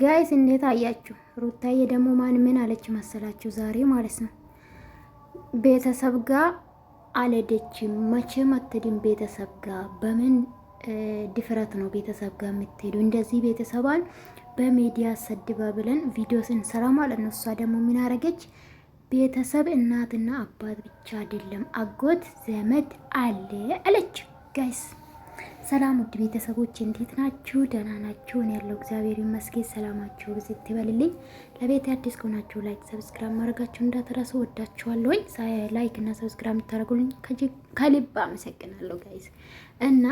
ጋይስ እንዴት አያችሁ? ሩታዬ ደግሞ ማን ምን አለች መሰላችሁ? ዛሬ ማለት ነው ቤተሰብ ጋር አልሄደችም። መቼም አትሄድም ቤተሰብ ጋር። በምን ድፍረት ነው ቤተሰብ ጋር የምትሄዱ? እንደዚህ ቤተሰባን በሚዲያ ሰድባ ብለን ቪዲዮ ስንሰራ ማለት ነው። እሷ ደግሞ ምን አረገች? ቤተሰብ እናትና አባት ብቻ አይደለም አጎት ዘመድ አለ አለች ጋይስ ሰላም ውድ ቤተሰቦች እንዴት ናችሁ? ደህና ናችሁ? እኔ ያለው እግዚአብሔር ይመስገን። ሰላማችሁ ብዙ ትበልልኝ። ለቤት አዲስ ከሆናችሁ ላይክ፣ ሰብስክራይብ ማድረጋችሁ እንዳትረሱ። ወዳችኋለሁኝ። ላይክ እና ሰብስክራይብ የምታደርጉልኝ ከልብ አመሰግናለሁ ጋይዝ። እና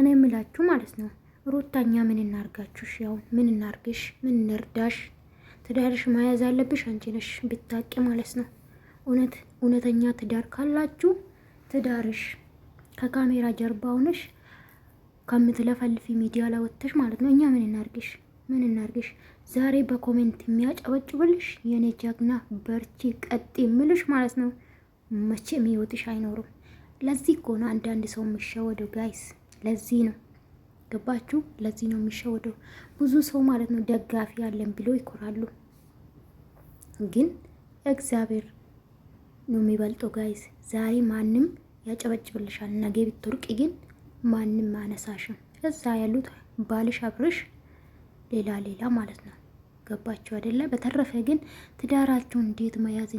እኔ የምላችሁ ማለት ነው ሩታኛ ምን እናርጋችሁሽ? ያው ምን እናርግሽ? ምን እንርዳሽ? ትዳርሽ መያዝ አለብሽ አንቺ ነሽ ብታቂ ማለት ነው። እውነት እውነተኛ ትዳር ካላችሁ ትዳርሽ ከካሜራ ጀርባ ሆነሽ ከምትለፈልፊ ሚዲያ ላይ ወጥተሽ ማለት ነው። እኛ ምን እናርግሽ? ምን እናርግሽ? ዛሬ በኮሜንት የሚያጨበጭብልሽ የኔ ጀግና በርቺ፣ ቀጥ የምልሽ ማለት ነው። መቼ የሚወጥሽ አይኖርም። ለዚህ ከሆነ አንዳንድ ሰው የሚሸወደው ጋይስ፣ ለዚህ ነው ገባችሁ? ለዚህ ነው የሚሸወደው ብዙ ሰው ማለት ነው። ደጋፊ ያለን ብሎ ይኮራሉ፣ ግን እግዚአብሔር ነው የሚበልጠው ጋይስ። ዛሬ ማንም ያጨበጭብልሻል። ነገ ብትወርቂ ግን ማንም አነሳሽም። እዛ ያሉት ባልሽ አብርሽ፣ ሌላ ሌላ ማለት ነው። ገባችሁ አይደለ? በተረፈ ግን ትዳራችሁ እንዴት መያዝ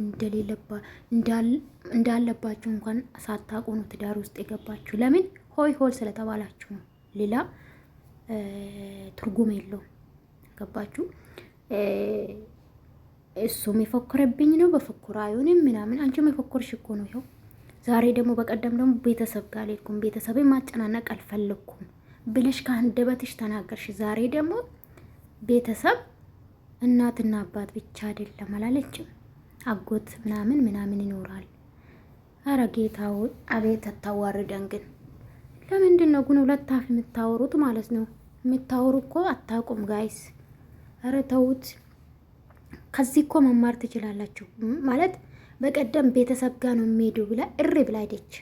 እንዳለባችሁ እንኳን ሳታውቁ ነው ትዳር ውስጥ የገባችሁ። ለምን ሆይ ሆል ስለተባላችሁ ነው። ሌላ ትርጉም የለውም። ገባችሁ? እሱም የፎከረብኝ ነው በፎከር አይሆንም ምናምን። አንቺም የፎከርሽ እኮ ነው ይኸው ዛሬ ደግሞ በቀደም ደግሞ ቤተሰብ ጋር አልሄድኩም፣ ቤተሰብ ማጨናነቅ አልፈለግኩም ብለሽ ከአንደበትሽ ተናገርሽ። ዛሬ ደግሞ ቤተሰብ እናትና አባት ብቻ አይደለም አላለችም፣ አጎት ምናምን ምናምን ይኖራል። አረ ጌታው አቤት አታዋርደን ግን። ለምንድን ነው ግን ሁለት አፍ የምታወሩት ማለት ነው? የምታወሩ እኮ አታውቁም ጋይስ። አረ ተውት። ከዚህ እኮ መማር ትችላላችሁ ማለት በቀደም ቤተሰብ ጋር ነው የሚሄዱ ብላ እሪ ብላ ሄደች።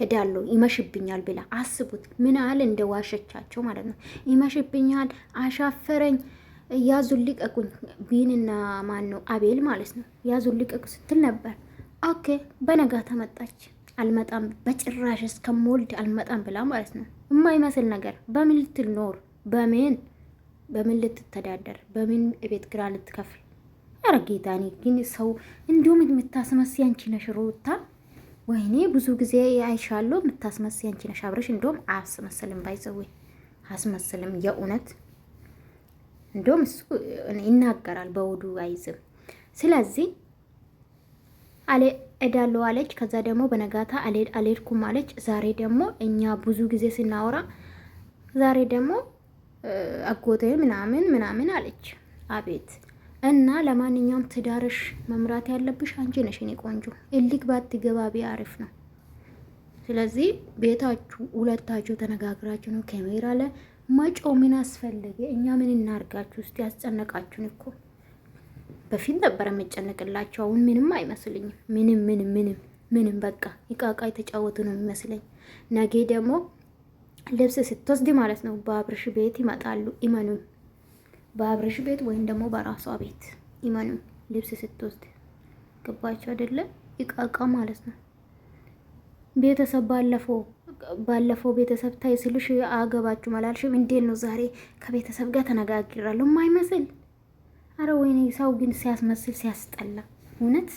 ሄዳለሁ ይመሽብኛል ብላ አስቡት፣ ምን ያህል እንደ ዋሸቻቸው ማለት ነው። ይመሽብኛል፣ አሻፈረኝ፣ ያዙን ልቀቁኝ፣ ቢንና ማን ነው አቤል ማለት ነው። ያዙን ልቀቁ ስትል ነበር። ኦኬ፣ በነጋ ተመጣች። አልመጣም በጭራሽ እስከምወልድ አልመጣም ብላ ማለት ነው። የማይመስል ነገር በምን ልትል ኖር፣ በምን በምን ልትተዳደር፣ በምን ቤት ግራ ልትከፍል ኧረ ጌታ እኔ ግን ሰው እንዲሁም የምታስመስ አንቺ ነሽ ሩታ። ወይኔ ብዙ ጊዜ አይሻለሁ የምታስመስ አንቺ ነሽ አብረሽ። እንዲሁም አስመስልም ባይዘዌ አስመስልም የእውነት እንዲሁም እሱ ይናገራል በውዱ አይዝም። ስለዚህ አሌ እዳለው አለች። ከዛ ደግሞ በነጋታ አልሄድኩም አለች። ዛሬ ደግሞ እኛ ብዙ ጊዜ ስናወራ ዛሬ ደግሞ አጎቴ ምናምን ምናምን አለች። አቤት እና ለማንኛውም ትዳርሽ መምራት ያለብሽ አንቺ ነሽ እኔ ቆንጆ። እልክ ባትገባቢ አሪፍ ነው። ስለዚህ ቤታችሁ ሁለታችሁ ተነጋግራችሁ ነው። ከሜራ አለ መጮ ምን አስፈለገ? እኛ ምን እናርጋችሁ? ውስጥ ያስጨነቃችሁን እኮ በፊት ነበር የምጨነቅላችሁ። አሁን ምንም አይመስልኝም። ምንም ምንም ምንም ምንም በቃ ይቃቃ የተጫወቱ ነው የሚመስለኝ። ነገ ደግሞ ልብስ ስትወስድ ማለት ነው በአብርሽ ቤት ይመጣሉ። ይመኑኝ። በአብረሽ ቤት ወይም ደግሞ በራሷ ቤት ኢማኑ ልብስ ስትወስድ ገባቸው አይደለም ይቃቃ ማለት ነው። ቤተሰብ ባለፈው ባለፈው ቤተሰብ ታይ ስልሽ አገባችሁ መላልሽም እንዴት ነው ዛሬ ከቤተሰብ ጋር ተነጋግራለሁ ማይመስል። አረ ወይኔ ሰው ግን ሲያስመስል ሲያስጠላ እውነት